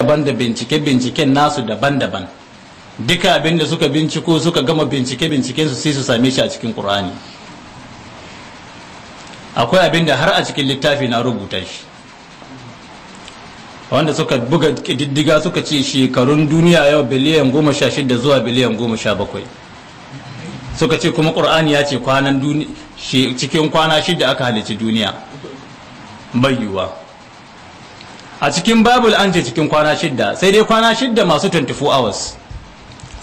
daban da bincike-binciken nasu daban-daban duka abin da suka binciko suka gama bincike-bincikensu sai su same shi a cikin ƙur'ani akwai abin da har a cikin littafi na rubuta shi wanda suka buga diddiga suka ce shekarun duniya yau biliyan goma sha shida zuwa biliyan goma sha bakwai suka ce kuma ƙur'ani ya ce cikin kwana shida aka halici duniya Bayyuwa. a cikin bible an ce cikin kwana shidda sai dai kwana shidda masu 24 hours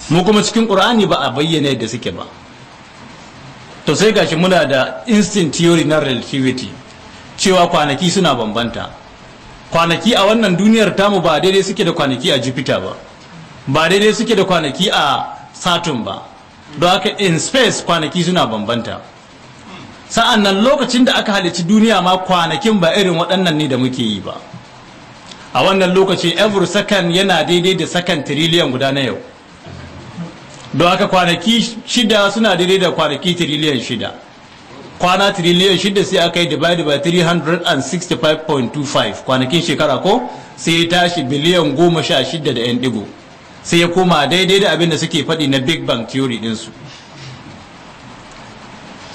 mu kuma cikin ƙur'ani ba a bayyana yadda suke ba to sai gashi muna da instant theory na relativity cewa kwanaki suna bambanta kwanaki a wannan duniyar tamu ba daidai suke da kwanaki a jupiter ba ba daidai suke da kwanaki a saturn ba don haka in space kwanaki suna bambanta sa'an nan lokacin da aka halicci duniya ma kwanakin ba irin waɗannan ne da muke yi ba a wannan lokaci every second yana daidai da second trillion guda na yau don haka kwanaki shida suna daidai da kwanaki trillion shida kwana trillion shida sai aka yi divide by 365.25 kwanakin shekara ko sai ya tashi biliyan goma sha shida da yan digo sai ya koma daidai da abin da suke faɗi na big bang theory ɗinsu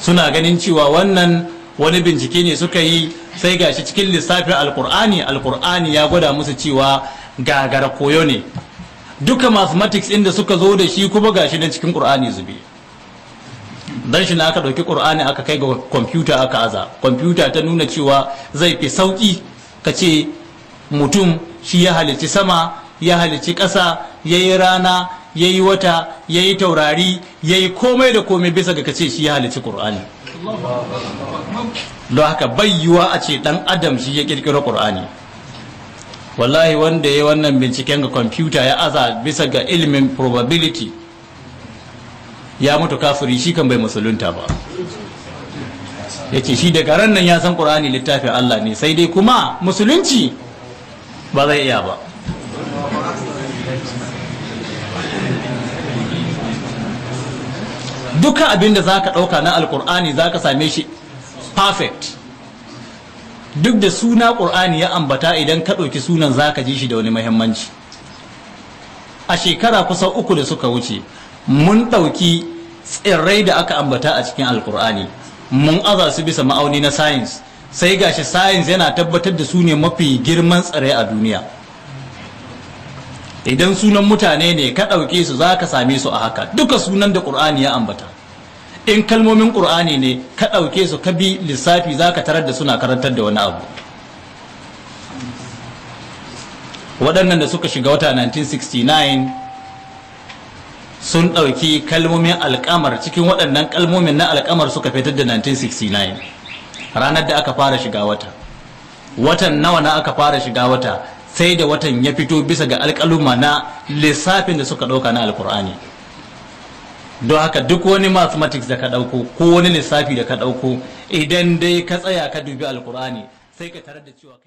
suna ganin cewa wannan wani bincike ne suka yi sai gashi cikin lissafin alkur'ani alkur'ani ya gwada musu cewa gagara koyo ne duka mathematics inda suka zo da shi kuma gashi na cikin qur'ani zube dan shi na aka dauki qur'ani aka kai ga kwamfuta aka aza kwamfuta ta nuna cewa zai fi sauki ka ce mutum shi ya halicci sama ya halicci ƙasa yayi rana ya yi wata ya yi taurari ya yi komai da komai bisa ga kace shi ya halici ƙur'ani don haka bayyuwa a ce ɗan adam shi ya ƙirƙiro ƙur'ani wallahi wanda ya wannan binciken ga kwamfuta ya aza bisa ga ilimin probability ya mutu kafiri shi kan bai musulunta ba ya ce shi daga ran nan ya san ƙur'ani littafin allah ne sai dai kuma musulunci ba zai iya ba dukkan abin da za ka ɗauka na alkur'ani za ka same shi perfect duk da suna ƙur'ani ya ambata idan ka ɗauki sunan za ka ji shi da wani mahimmanci a shekara kusa uku da suka wuce mun ɗauki tsirrai da aka ambata a cikin alkur'ani mun aza su bisa ma'auni na science sai gashi science yana tabbatar da su ne mafi girman tsirrai a duniya idan sunan mutane ne ka ɗauke su za ka same su a haka duka sunan da ƙur'ani ya ambata in kalmomin ƙur'ani ne ka ɗauke su ka bi lissafi za ka tarar da suna karantar da wani abu waɗannan da suka shiga wata 1969 sun ɗauki kalmomin alƙamar cikin waɗannan kalmomin na alƙamar suka fitar da 1969 ranar da aka fara shiga wata watan nawa na aka fara shiga wata sai da watan ya fito bisa ga alƙaluma na lissafin da suka ɗauka na alƙur'ani don haka duk wani mathematics da ka ɗauko ko wani lissafi da ka ɗauko idan dai ka tsaya ka dubi alƙur'ani sai ka tarar da cewa